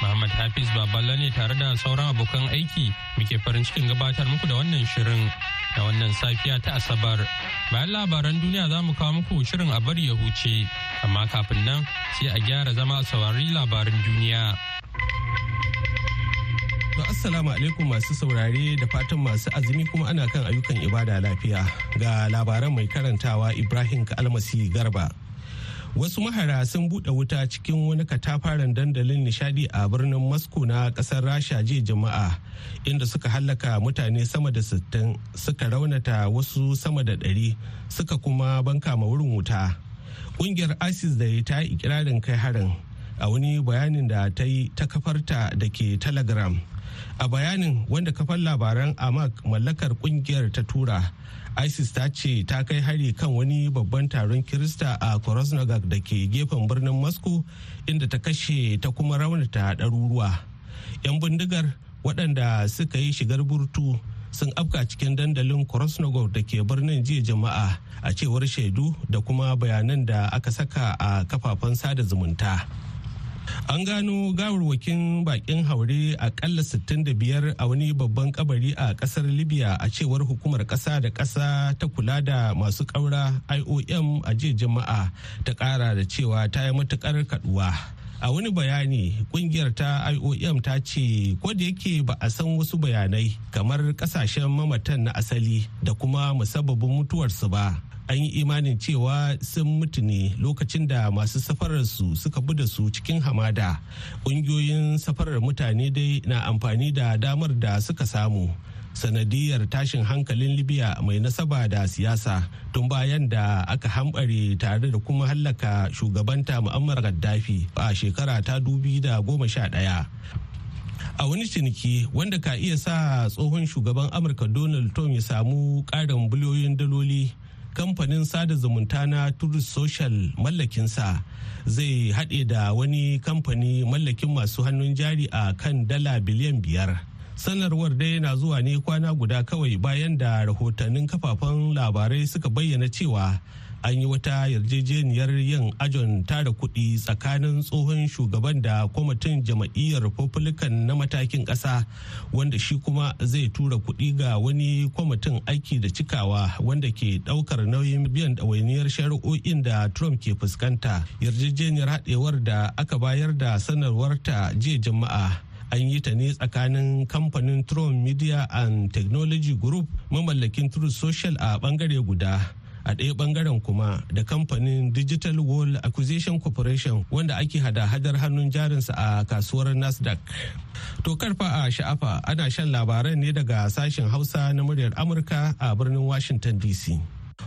Muhammad Hafiz Baballa ne tare da sauran abokan aiki muke farin cikin gabatar muku da wannan shirin da wannan safiya ta Asabar. Bayan labaran duniya za mu kawo muku shirin a bari ya huce, amma kafin nan sai a gyara zama a saurari labaran duniya. To Assalamu alaikum masu saurare da fatan masu azumi kuma ana kan ayyukan ibada lafiya ga labaran mai karantawa Ibrahim almasi Garba. wasu mahara sun buɗe wuta cikin wani katafaren dandalin nishadi a birnin moscow na ƙasar rasha jiya jama'a inda suka hallaka mutane sama da 60 suka raunata wasu sama da 100 suka kuma banka ma wurin wuta ƙungiyar isis da ta yi ikirarin kai harin a wani bayanin da ta yi ta kafarta da ke telegram a bayanin wanda kafan labaran amak mallakar kungiyar ta tura isis ta ce ta kai hari kan wani babban taron kirista a krasnogag da ke gefen birnin moscow inda ta kashe ta kuma raunata ɗaruruwa 'yan bindigar waɗanda suka yi shigar burtu sun afka cikin dandalin krasnogor da ke birnin jiya jama'a a cewar shaidu da kuma bayanan da aka saka a kafafen sada zumunta. an gano gawarwakin bakin haure akalla 65 a wani babban kabari a kasar libya a cewar hukumar kasa da kasa ta kula da masu kaura iom a jiya jama'a ta kara da cewa ta yi matukar kaduwa a wani bayani kungiyar ta iom ta ce yake ba a san wasu bayanai kamar kasashen mamatan na asali da kuma musabbabin mutuwarsu ba an yi imanin cewa sun mutu ne lokacin da masu safararsu suka bude su cikin hamada ƙungiyoyin safarar mutane dai na amfani da damar da suka samu sanadiyar tashin hankalin libya mai nasaba da siyasa tun bayan da aka hambare tare da kuma hallaka shugabanta mu'ammar gaddafi a shekara ta dubi da goma sha ɗaya. a wani ciniki wanda ka iya sa tsohon shugaban amurka donald trump ya samu ƙarin biliyoyin daloli kamfanin sada zumunta na turis Social mallakinsa zai haɗe da wani kamfani mallakin masu hannun jari a kan dala biliyan biyar. sanarwar dai na zuwa ne kwana guda kawai bayan da rahotannin kafafen labarai suka bayyana cewa an yi wata yarjejeniyar yin ajon tara kuɗi tsakanin tsohon shugaban da kwamitin jama'iyyar republican na matakin ƙasa wanda shi kuma zai tura kuɗi ga wani kwamitin aiki da cikawa wanda ke ɗaukar nauyin biyan ɗawainiyar shari'o'in da trump ke fuskanta yarjejeniyar haɗewar da aka bayar da sanarwarta jiya jama'a an yi ta ne tsakanin kamfanin Trump Media and Technology Group mamallakin Truth Social a bangare guda a ɗaya bangaren kuma da kamfanin digital world acquisition corporation wanda ake hada-hadar hannun jarinsa a kasuwar nasdaq to karfa a sha'afa ana shan labaran ne daga sashen hausa na muryar amurka a birnin washington dc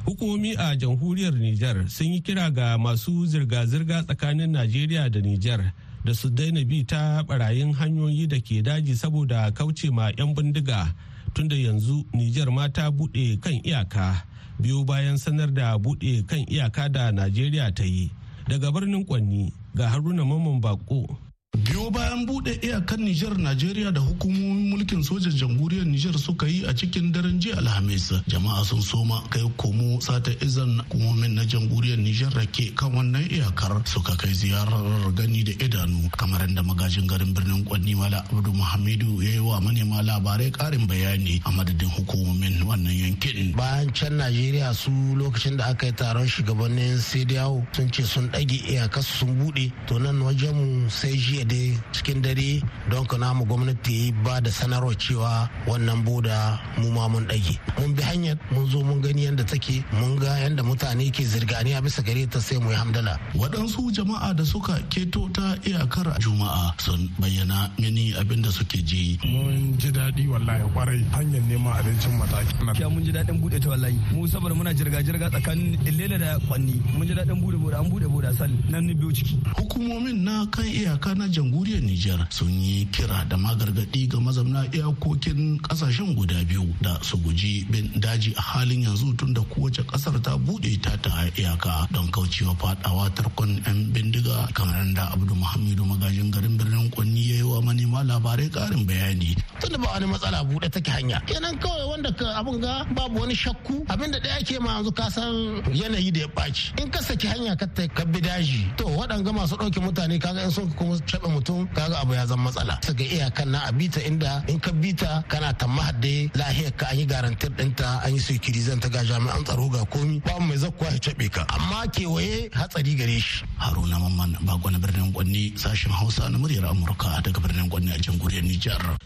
hukumomi a jamhuriyar niger sun yi kira ga masu zirga-zirga tsakanin najeriya da niger da su daina bi ta barayin hanyoyi da ke daji saboda kauce ma 'yan bindiga tunda yanzu niger ma ta buɗe kan iyaka biyo bayan sanar da buɗe kan iyaka da najeriya ta yi daga birnin kwanni ga haruna mamman bako biyo bayan bude iyakar Nijar Najeriya da hukumomin mulkin sojan jamhuriyar Nijar suka yi a cikin daren jiya Alhamis jama'a sun soma kai komo sata izan hukumomin na jamhuriyar Nijar ke. kan wannan iyakar suka kai ziyarar gani da idanu kamar da magajin garin birnin Kwanni Mala Abdu Muhammadu ya yi wa manema labarai karin bayani a madadin hukumomin wannan yankin. Bayan can Najeriya su lokacin da aka yi taron shugabannin CDAO sun ce sun dage iyakar sun bude to nan wajen mu sai jiya kede cikin dare don ka namu gwamnati ba da sanarwa cewa wannan boda mu ma mun dage mun bi hanyar mun zo mun gani yadda take mun ga yadda mutane ke zirgani a bisa gare ta sai mu yi hamdala waɗansu jama'a da suka keto ta iyakar juma'a sun bayyana mini abin da suke ji mun ji daɗi wallahi kwarai hanyar neman abincin mataki ya mun ji daɗin buɗe ta wallahi mu saboda muna jirga-jirga tsakanin lela da kwanni mun ji daɗin buɗe boda an buɗe boda sal nan ni biyu ciki hukumomin na kan iyaka na jamhuriyar Nijar sun yi kira da magargadi ga mazauna iyakokin kasashen guda biyu da su guji bin daji a halin yanzu tun da kowace kasar ta bude ta ta iyaka don kaucewa fadawa tarkon 'yan bindiga kamar da Abdul Muhammadu magajin garin birnin Kwanni ya yi wa manema labarai karin bayani. Tunda ba wani matsala bude take hanya. Kenan kawai wanda abun ga babu wani shakku abinda ɗaya ke ma yanzu ka san yanayi da ya baci In ka saki hanya ka bi daji to waɗanga masu ɗauke mutane kaga in sun kuma taɓa mutum kaga abu ya zama matsala su ga iyakan na a bita inda in ka bita kana tamma hadde lahiyar ka an yi garantir ɗinta an yi security zan ta ga jami'an tsaro ga komi ba mai zakkuwa ya caɓe ka amma kewaye hatsari gare shi haruna mamman ba na birnin gwanni sashen hausa na muryar amurka daga birnin gwanni a jamhuriyar nijar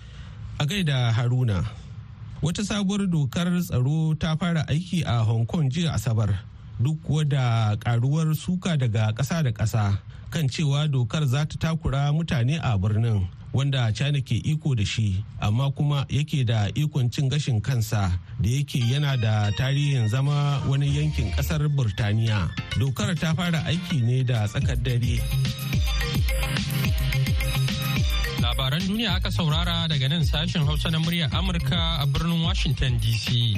a gaida haruna wata sabuwar dokar tsaro ta fara aiki a hong kong jiya asabar duk wada karuwar suka daga ƙasa da ƙasa kan cewa dokar za ta takura mutane a birnin wanda china ke iko da shi amma kuma yake da ikon cin gashin kansa da yake yana da tarihin zama wani yankin ƙasar birtaniya dokar ta fara aiki ne da tsakar dare labaran duniya aka saurara daga nan sashen hausa na muryar amurka a birnin washington dc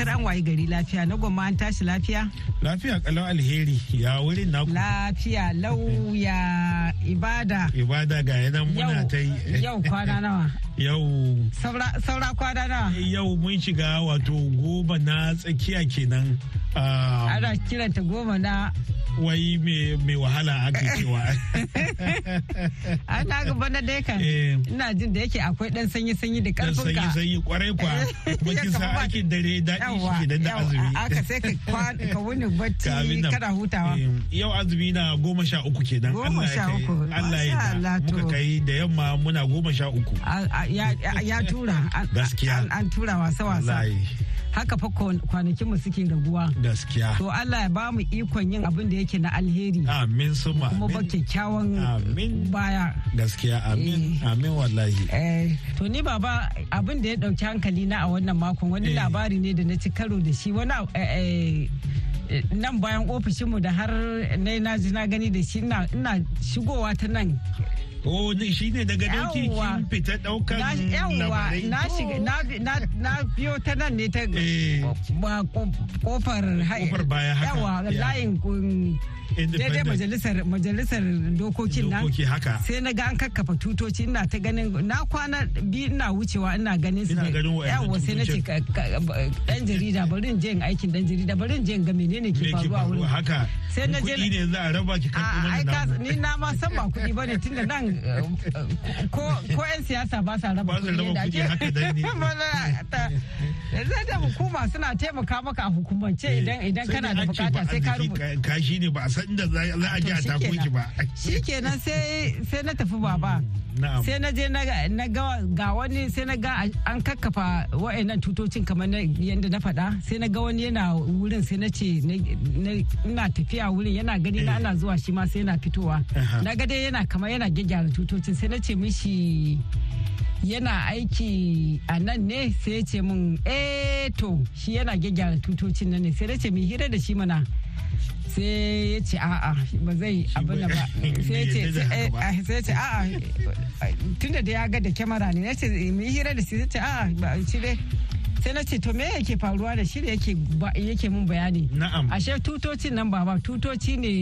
fatar an wayi gari lafiya na gwamma an tashi lafiya? Lafiya kalau alheri ya wurin naku. Lafiya lauya ibada. Ibada ga yanan muna ta yi. Yau kwana nawa. Yau. Saura kwana nawa. Yau mun shiga wato goma na tsakiya kenan. Ah, Ana kiranta goma na wai mai wahala ake cewa ana ga bana dai ka eh. ina jin da yake akwai dan sanyi sanyi da karfin ka sanyi sanyi kwarai kwa eh, kuma kin sa aikin dare daɗi shi da da azumi aka sai ka ka wuni bacci kada hutawa eh, yau azumi na goma sha uku kenan Goma sha uku? Allah ya muka kai da yamma muna goma sha uku ya tura gaskiya an tura wasa wasa haka fa kwanakin mu suke raguwa gaskiya to Allah ya ba mu ikon yin abin da yake na alheri amin suma kuma ba kyakkyawan baya gaskiya amin eh. amin wallahi eh to ni baba abin da ya dauki hankali na a wannan makon wani eh. labari ne da na ci karo da shi wani eh, nan bayan ofishinmu da har na na gani da shi ina shigowa ta nan Oh, shi ne daga doki kin fita daukan labarai. na shiga na biyo ta nan ne ta eh. kofar kofar baya haka. Yawa layin daidai majalisar majalisar dokokin nan sai na ga an kakkafa tutoci ina ta ganin na kwana biyu ina wucewa ina ganin su yawa sai na ce dan jarida barin je in aikin dan jarida barin je in ga menene ke faruwa haka sai na je ne za a raba ki kan ni na ma san ba kudi bane tunda nan ko 'yan siyasa ba sa raba kuɗi da ake zai da hukuma suna taimaka maka a hukumance eh, idan idan kana da bukata sai ka rubuta kashi ne ba a san da za a ji a takoki ba shikenan sai na tafi baba sai na je na ga wani sai na ga an kakkafa wa'annan tutocin kamar yadda na faɗa sai na ga wani yana wurin sai na ce ina tafiya wurin yana gani na ana eh. zuwa shi ma sai yana fitowa na ga dai yana kamar yana gyaggyara tutocin sai na ce mishi yana aiki a nan ne sai ya ce min eh to shi yana gyaggyara tutocin nan ne sai na ce mai hira da shi mana sai ya ce a'a ba zai abin ba sai ya ce a'a tunda da ya ga da kyamara ne na ce eh, mu yi hira da shi ce a'a ba ci dai sai na ce to me yake faruwa da shi da yake mun bayani na'am ashe tutocin nan ba ba tutoci ne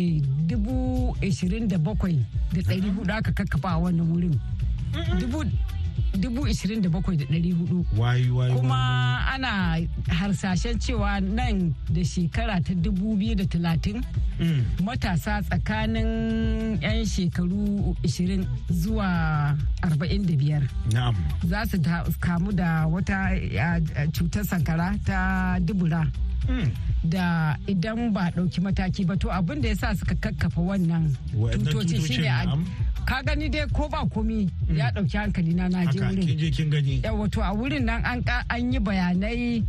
dubu ishirin da bakwai da tsari hudu aka kakkafa a wannan wurin dubu ishirin da Kuma ana harsashen cewa nan da shekara ta dubu biyu da talatin mm. matasa tsakanin 'yan shekaru ishirin zuwa arba'in Za su kamu da wata cutar sankara ta dubura. Mm. da idan ba ɗauki mataki ba to abin da ya sa suka kakkafa wannan tutoci shine ka gani dai ko ba komi ya mm. ɗauki hankali na naji wato a wurin nan an yi bayanai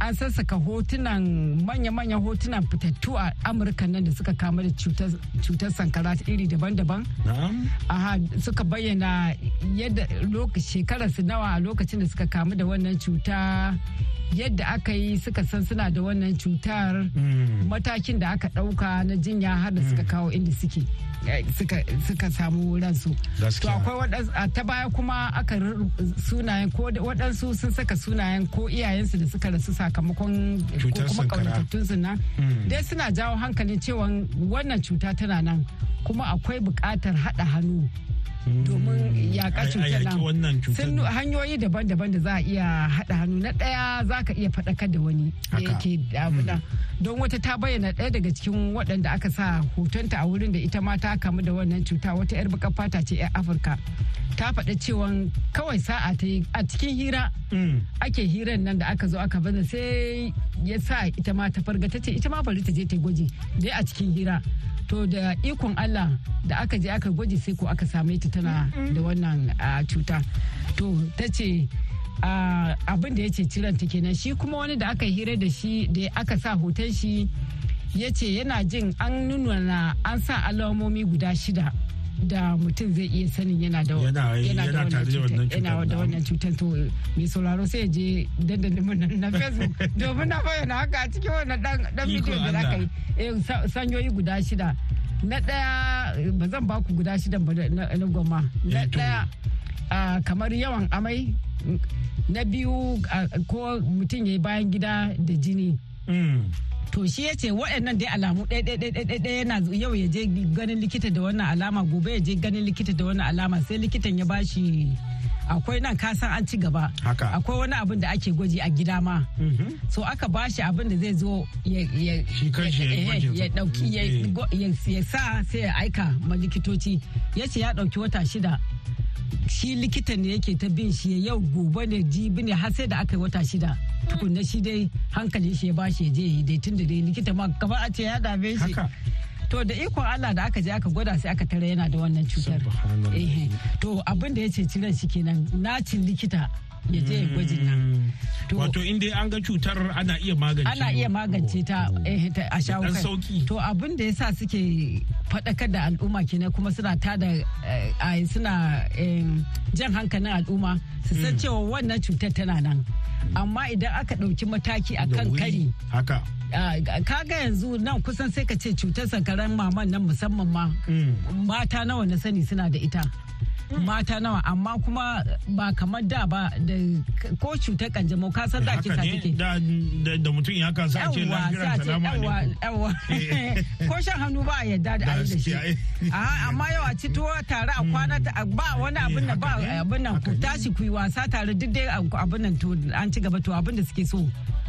an sassaka hotunan manya-manyan hotunan fitattu a amurka nan da suka kama da cutar sankara iri daban-daban aha suka bayyana yadda su nawa a lokacin da suka kamu da wannan cuta yadda aka yi suka san suna da wannan cutar hmm. matakin da aka ɗauka na jinya har da suka hmm. kawo inda suke suka samu ransu to akwai ta baya kuma aka sunayen ko waɗansu sun saka sunayen ko iyayensu da suka rasu sakamakon ko kuma nan hmm. dai suna jawo hankalin cewa wannan cuta tana nan kuma akwai bukatar haɗa hannu domin yaƙa cutar nan hanyoyi daban-daban da za a iya haɗa hannu na ɗaya za ka iya faɗakar da wani da yake damuna don wata ta bayyana ɗaya daga cikin waɗanda aka sa hotonta a wurin da ita ma ta kamu da wannan cuta wata 'yar baƙar fata ce 'yar afirka ta faɗa cewa kawai sa'a ta yi a cikin hira mm. ake hiran nan da aka zo aka bana sai ya sa ita ma ta farga ta ce ita ma bari ta je ta gwaji dai a cikin hira to da ikon Allah da aka je aka gwaji sai ko aka same ta tana da wannan cuta to ta ce abin da ya ce ciranta kenan shi kuma wani da aka hira da shi da aka sa hoton shi ya ce yana jin an nuna an sa alamomi guda shida da mutum zai iya sanin yana da wannan cutar to mai sauraro sai je dandalin mun na facebook domin na bayyana haka a cikin wannan dan bidiyo da aka yi eh, sanyoyi guda shida na ɗaya ba zan ba ku guda shidan ba na goma na eh, ɗaya kamar yawan amai na biyu ko mutum ya yi bayan gida da jini hmm. to shi ya ce waɗannan dai alamu ɗaya yana yau ya je ganin likita da wannan alama gobe ya je ganin likita da wannan alama sai likitan ya ba shi. akwai nan kasan an ci gaba akwai wani abin da ake gwaji a gida ma mhm. so aka ba shi abin da zai zo ya dauki eh. ya sa sai ya aika ma likitoci ya ce ya dauki wata shida shi likita ne yake ta bin shi yau gobe ne jibi ne har sai da aka yi wata shida tukunna shi dai hankali shi ya ba shi ya je ya dai tun da dai likita ma kamar a ce ya dame shi to da ikon Allah da aka je aka gwada sai aka tare yana da wannan cutar to abin da ya ce ciran shi kenan nacin likita ya je ya gwajin nan. Hmm. Wato inda an ga cutar ana iya magance Ana iya magance ta a shawo To abin da yasa suke faɗakar da al'umma kenan kuma suna tada eh, suna jan hankalin al'umma su san hmm. cewa wannan cutar tana nan. Amma idan aka ɗauki mataki a kan kari. Haka. Ah, kaga yanzu nan kusan sai ka ce cutar sankaran maman nan musamman ma mm. mata nawa na sani suna da ita mm. mata nawa amma kuma ba kamar da ba da ko cutar kanjamau ka san da kisa take da da mutum ya kan sa ce lafiyar salama ne yawa eh. ko shan hannu ba a yadda da ayi da shi ah, amma yau a ci tuwa tare a mm. kwana ba wani eh, abin da ba abin nan ku tashi ku yi wasa tare duk dai abin nan to an ci gaba to abin da suke so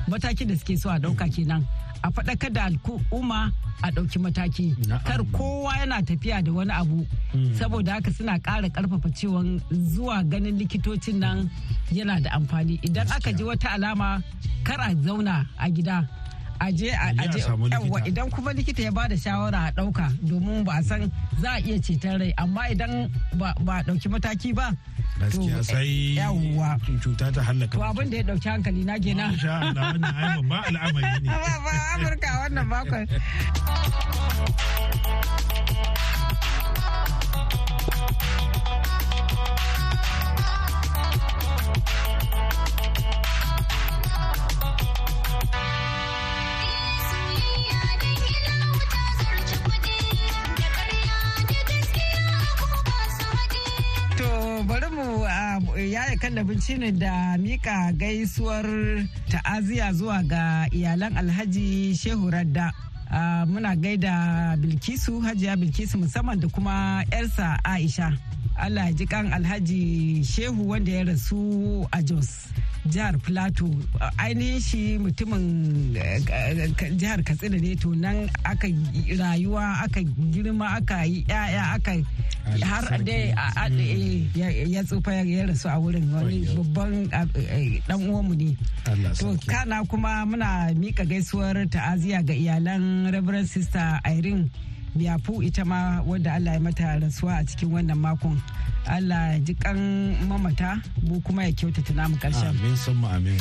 matakin da suke so a ɗauka kenan a faɗaka da al'umma a ɗauki mataki kar kowa yana tafiya da wani abu hmm. saboda haka suna ƙara ƙarfafa cewa zuwa ganin likitocin nan yana da amfani idan aka ji wata alama kar a zauna a gida a je yawa idan kuma likita ya ba da shawara a dauka domin ba san za a iya ceton rai amma idan ba dauki mataki ba gaskiya sai yawa cuta ta halaka to abin da ya dauki hankali na kenan insha Allah wannan ai babba al'amari ne ba Amurka wannan bakon ya yaya kallabin ne da mika gaisuwar ta'aziya zuwa ga iyalan alhaji shehu radda muna gaida bilkisu hajiya bilkisu musamman da kuma yarsa aisha allah ji kan alhaji shehu wanda ya rasu a jos jihar plateau ainihin shi mutumin eh, jihar katsina ne to nan aka rayuwa aka girma aka yi yaya aka har hmm. eh, ya tsufa ya rasu a wurin wani babban dan eh, uwanmu ne to kana kuma muna mika gaisuwar ta'aziya ga iyalan reverend sister irene biyafu ita ma wadda allah ya mata rasuwa a cikin wannan makon allah ji kan mamata bu kuma ya kyautata namu karshen amin sun amin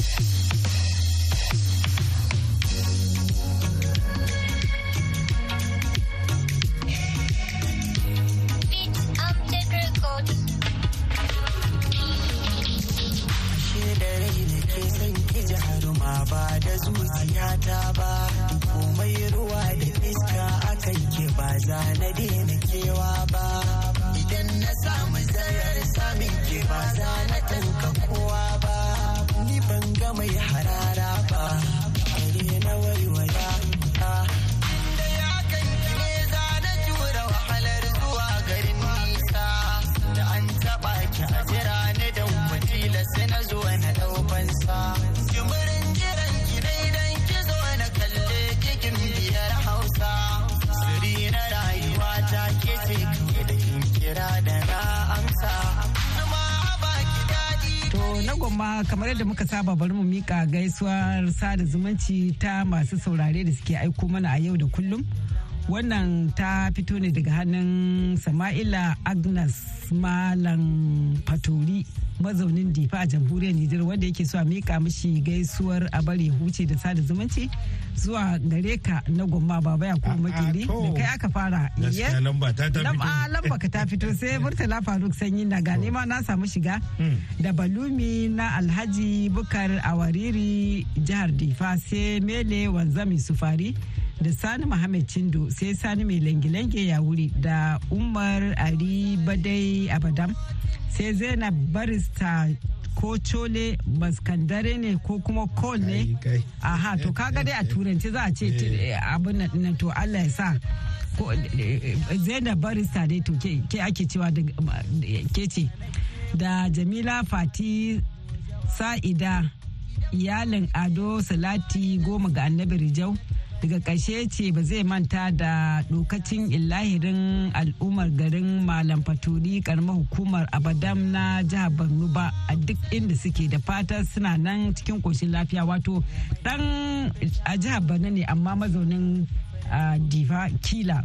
ba da zuciyata ba komai ruwa da za na daina kewa ba idan na samu zayar samin ke ba za na tanka kowa ba ni ban ga mai hara kamar yadda muka saba bari mu mika gaisuwar sada zumunci ta masu saurare da suke aiko mana a yau da kullum. Wannan ta fito ne daga hannun Sama'ila Agnes Malam Fatori mazaunin difa a jamhuriyar Nijar wanda yake so a mika mishi gaisuwar a bari huce da sada zumunci zuwa gare ka na gwamma baba ya kuma makili da kai aka fara lamba ka ta fito sai murtala faruk sanyi na gane ma na samu shiga hmm. da balumi na alhaji bukar awariri jihar difa sai mele wanzami sufari da sani muhammad chindo sai sani mai langilange ya wuri da umar ari badai abadam sai zainab barista ko cole maskandare ne ko kuma kol aha to eh, kaga eh, dai a eh. turanci za a ce abin nan to allah ya sa zainab barista dai to ke ake cewa da ke ce da jamila fati sa'ida iyalin ado salati goma ga annabi rijau daga ƙarshe ce ba zai manta da dokacin illahirin al'ummar garin malam faturi karamar hukumar abadam na jihar borno ba a duk inda suke da fata suna nan cikin koshin lafiya wato dan a jihar borno ne amma mazaunin diva kila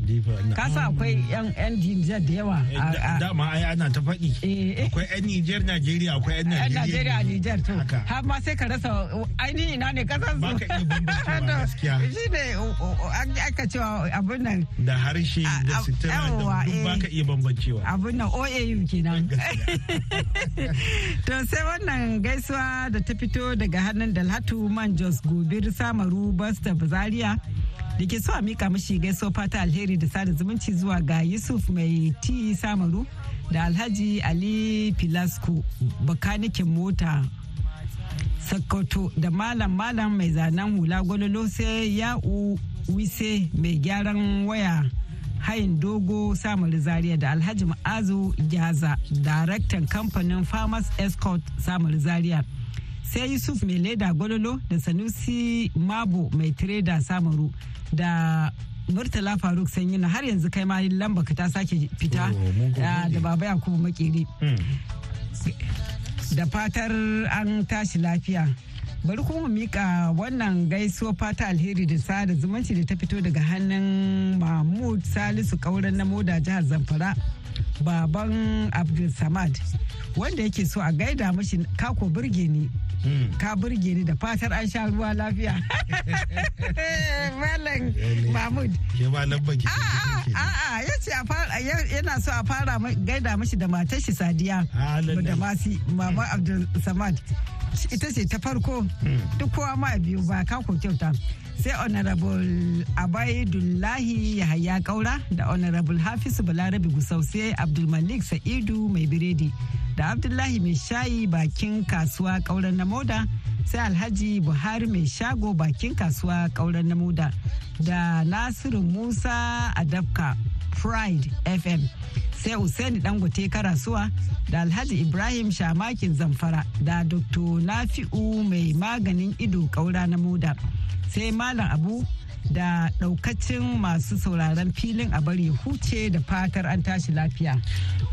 kasa akwai yan nijar da yawa eh, dama ai ana ta faɗi eh, eh. akwai yan nijar najeriya akwai yan najeriya Niger to har ma sai ka rasa ainihi na ne kasar su shi ne aka cewa abin nan da harshe da sitira da duk baka iya bambancewa abin nan oau kenan to sai wannan gaisuwa da ta fito daga hannun dalhatu man jos gobir samaru basta zaria da ke so a mika mashi gaisuwa fata alheri da sada zumunci zuwa ga yusuf mai ti samaru da alhaji ali filasco bakanikin mota sakkoto da malam malam mai zanen hula gwalolo sai ya wise mai gyaran waya hayin dogo samun zaria da alhaji ma'azu gyaza daraktan kamfanin farmers escort samun zaria sai yusuf mai leda gololo da sanusi mabo mai tireda samaru da murtala faruk sanyi na har yanzu kai ma lamba ka ta sake fita oh, ah, da baba yakubu makeri hmm. da fatar an tashi lafiya bari kuma mika wannan gaisuwa fata alheri da sada zumunci da ta fito daga hannun mahmud salisu kauran na moda jihar zamfara baban abdul samad wanda yake so a gaida mashi kako burge ne. Hmm. ka burge ni da fatar an sha ruwa lafiya malam mahmud ah, ah, ah, ya ce yana so a fara gaida mashi da matar shi sadiya da masu mama hmm. abdul samad ita ce ta farko hmm. duk kowa ma biyu ba ka ko kyauta sai honorable abaidullahi yahaya kaura da honorable hafizu balarabi gusau sai abdulmalik sa'idu mai biredi da abdullahi mai shayi bakin kasuwa kauran na moda sai alhaji buhari mai shago bakin kasuwa kauran na moda da nasiru musa adabka pride fm sai Usaini Dangote Karasuwa da Alhaji Ibrahim Shamakin Zamfara da Dr. Nafi'u mai maganin ido kaura na moda. Sai Malam Abu da daukacin masu sauraron filin a bari huce da fatar an tashi lafiya.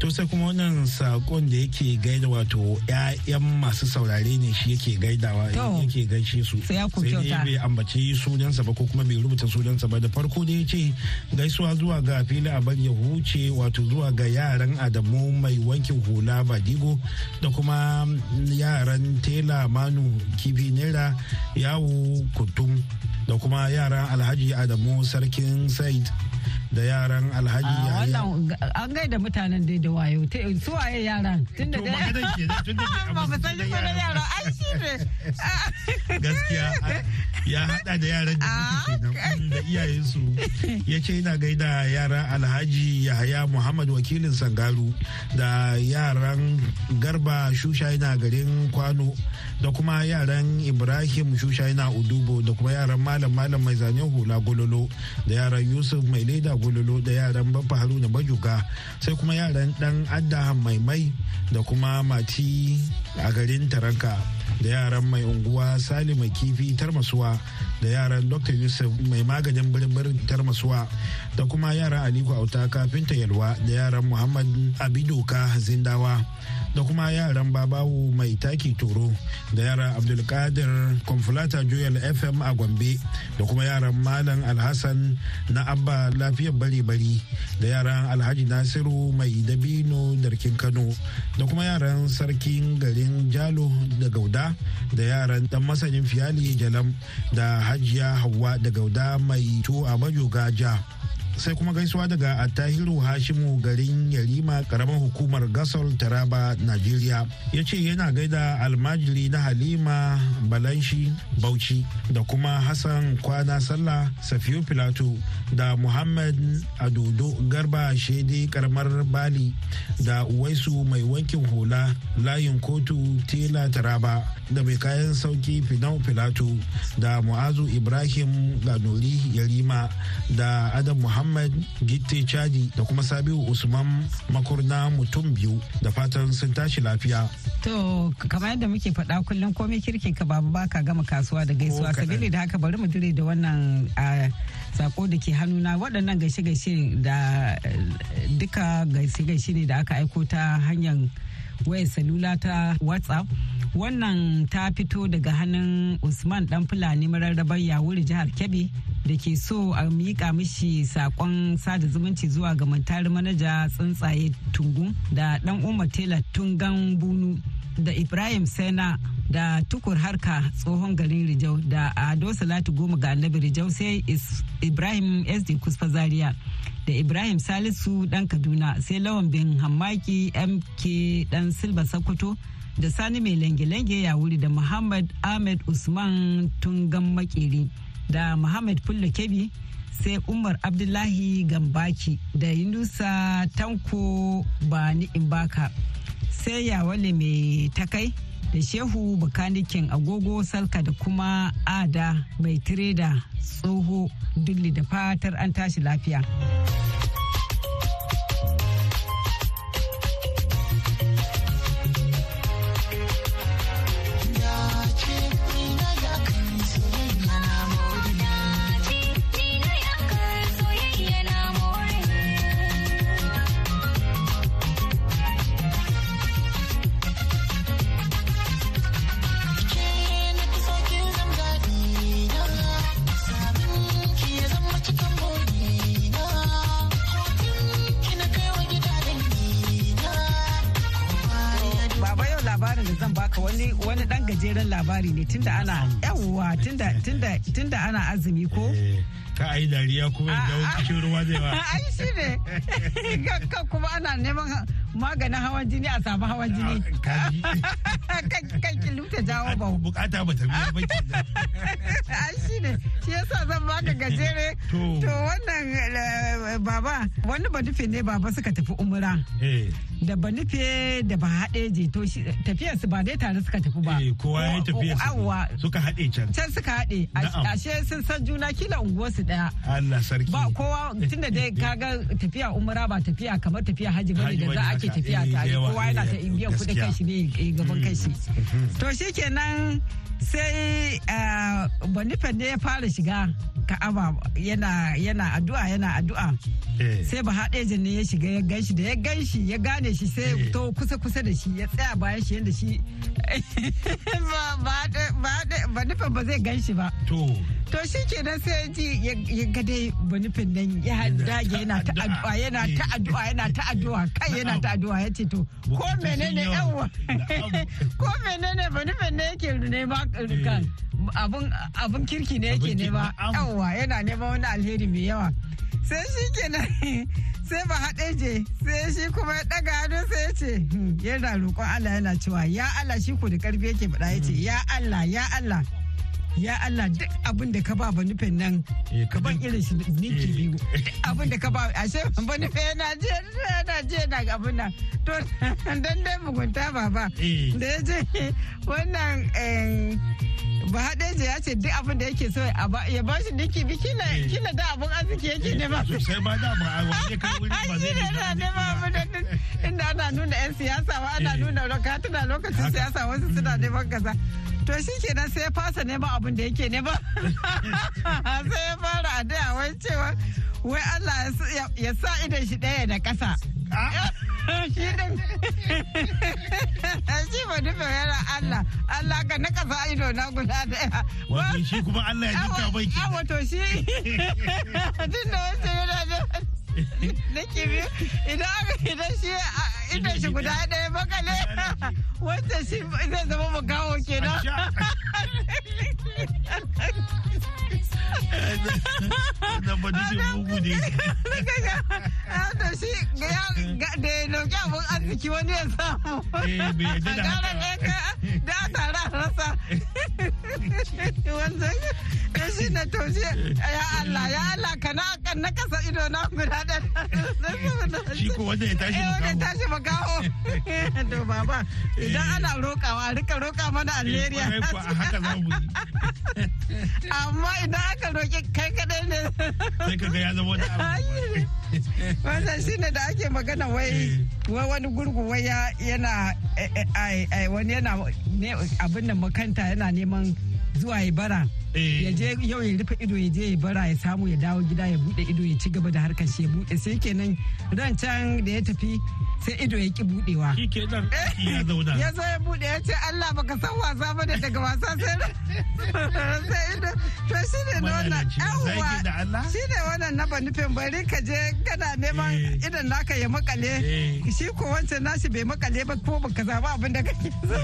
To sai kuma wannan sakon da yake gaida wato 'ya'yan masu saurare ne shi yake gaidawa yake gaishe su. Sai dai bai ambaci sunansa ba ko kuma bai rubuta sunansa ba da farko da ya gaisuwa zuwa ga filin a bari huce wato zuwa ga yaran Adamu mai wankin hula Badigo da kuma yaran Tela Manu Kifi Naira yawo Kutum da kuma yaran alhaji adamu sarkin said da yaran alhaji yaya an gaida mutanen dai da wayo su waye yaran tun da ba mu san su da yaran ai shi ne gaskiya ya hada da yaran da suke ah, da iyayensu ya ce yana gaida yaran alhaji yahaya muhammad wakilin sangaru da yaran garba shusha yana garin kwano da kuma yaran ibrahim shusha yana udubo da kuma yaran malam malam mai zanen hula gololo da yaran yusuf mai leda bululu da yaran baffa haruna majuga sai kuma yaran dan mai maimai da kuma mati a garin taranka da yaran mai unguwa sali mai kifi tarmasuwa da yaran dr yusuf mai maganin birnin tarmasuwa da kuma yaran aliko auta kafinta yalwa da yaran muhammad abidoka zindawa da kuma yaran babawo mai taki toro da yara abdulkadir kwamfulata joyal fm a gombe da kuma yaran malam alhassan na abba lafiyar bari-bari da yaran alhaji nasiru mai dabino darkin kano da kuma yaran sarkin garin jalo da gauda da yaran dan masanin fiyali jalam da hajiya hawa da gauda mai tuwo a majoga ja sai kuma gaisuwa daga attahiru hashimu garin yarima karamar hukumar gasol taraba najeriya ya ce yana gaida almajiri na halima balanshi bauchi da kuma hassan kwana sallah safiyu filato da muhammad adodo garba shede karamar bali da uwaisu mai wankin hula layin kotu tela taraba da mai kayan sauki finan filato da mu'azu ibrahim ganoli yarima da adam muhammad gitte chadi da kuma sabiu usman makurna mutum biyu da fatan sun tashi lafiya to kamar yadda muke faɗa kullum komai kirkin ka babu baka gama kasuwa da gaisuwa sabili da haka bari mu dire da wannan sako da ke hannuna waɗannan gaishe-gaishe da duka gaishe-gaishe ne da aka aiko ta hanyar wayar salula ta whatsapp wannan ta fito daga hannun usman dan fulani mararrabar yawuri jihar kebbi da ke so a miƙa mishi sakon sada zumunci zuwa ga mantar manaja tsuntsaye tungun da dan umar tela tungan bunu da ibrahim sena da tukur harka tsohon garin rijau da ado salatu goma ga annabi rijau sai ibrahim sd kusfa zaria da ibrahim salisu dan kaduna sai lawan bin hammaki mk dan silba sokoto da sani mai lange-lange ya wuri da muhammad ahmed usman tungan makeri da muhammad fulla kebi sai umar abdullahi gambaki da yunusa tanko bani imbaka sai yawale mai takai da shehu bakanikin agogo salka da kuma ada mai tireda tsoho dulli da fatar an tashi lafiya. gajeren labari ne tunda ana yawwa tunda ana azumi ko eh, ka a yi dariya kuma ya dawo cikin ruwa zai ba ai shi ne kuma ana neman maganin hawan jini a samu hawan jini ah, kan luta jawo ba bukata ba ta biya ba shi ne shi yasa zan baka gajere to wannan eh, baba wani ba nufi ne baba suka tafi umra eh. da ba nufi da ba haɗe to tafiyar su ba dai tare suka tafi ba eh, kowa ya tafiyar su suka haɗe can can suka haɗe ashe sun san juna kila unguwar su daya Allah sarki ba kowa tunda dai kaga tafiya umra ba tafiya kamar tafiya hajji ba ne da za a ake tafiya tare kowa yana ta biyan kuɗin kanshi ne eh, gaban mm. kanshi to shikenan sai eh, banifan ne ya fara shiga ka'aba yana yana addu'a yana addu'a eh. sai ba haɗe ne ya shiga ya gan shi da ya gan shi ya gane shi sai to kusa kusa da shi ya tsaya bayan shi yadda shi ba haɗe ba nufin ba zai gan shi ba to to shi ke nan sai ji ya ga dai ba nufin nan ya dage yana ta addu'a yana ta eh. addu'a yana ta addu'a kai yana ta addu'a ya ce to ko menene yawa ko menene ba nufin ne yake ne ba eh. abun kirki ne yake ba yawa yana nema wani alheri mai yawa sai shi ke nan sai ba je sai shi kuma ya ɗaga hannu sai ya ce hmm, yana roƙon Allah yana cewa ya Allah shi ku da ƙarfi yake faɗa ya ce hmm. ya Allah ya Allah ya Allah duk abin da ka ba ba nufin nan eh, ka ban irin shi ninki eh. biyu abin da ka ba ashe ba nufe yana je yana je na abin nan to dan dai mugunta baba eh. da ya ce wannan ba haɗeja ya ce duk abin da yake so ya ba shi bi kina kina eh. da abin arziki yake eh, ne ba sai ba da ba ka wuri ba ne ne ba mu da inda ana nuna yan siyasa wa ana eh. nuna da lokacin siyasa wasu suna ban mm. kaza to shi kenan sai ya fasa ba abin da yake ba sai ya fara a da wai cewa wai Allah ya sa idan shi ɗaya da kasa shi ba dufe yana Allah Allah ka na kasa ido na guda daya wato shi kuma Allah ya jika bai ki wato shi tun da wasu yana da nake biyu idan shi inda shi guda ɗaya bakale wanda shi zai zama magawo kenan na ba dushe bugu da shi da ya dauki abin arziki wani ya samu eh, a gara ɗaya da a tara rasa wanda da shi na taushe ya Allah ya Allah ka na kasa ido na guda ɗaya shi ko wanda ya tashi makaho eh, wanda ya tashi makaho to baba idan ana eh. rokawa rika roka mana eh, algeria haka za mu yi amma idan aka roki kai kadai ne sai kaga ya zama wani abu shi ne da ake magana wai wani gurgu wai yana wani yana abin da makanta yana neman zuwa ibara bara Eh. ya je yau ya rufe ido ya je ya bara ya samu ya dawo gida ya bude ido ya ci gaba da harkar shi ya bude sai kenan ran can da ya tafi sai ido ya ki budewa eh, shi ya zauna ya zo ya bude ya ce Allah baka san wasa ba da daga wasa sai sai ido to shi ne wannan yawwa shi ne wannan na ba nufin bari ka je kana neman eh. idan naka ya makale shi ko wancan nashi bai makale ba ko baka zaba abin da kake so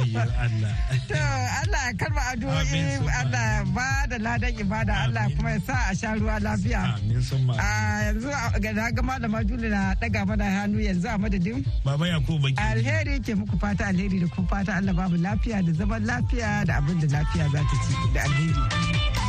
to Allah ya karba addu'o'i Allah ba da ladan ibada Allah kuma ya sa a sha ruwa lafiya. A yanzu ga na ga da majuli na daga mana hannu yanzu a madadin. Baba Yakubu Baki. Alheri ke muku fata alheri da kuma fata Allah babu lafiya da zaman lafiya da abin da lafiya za ta ci da alheri.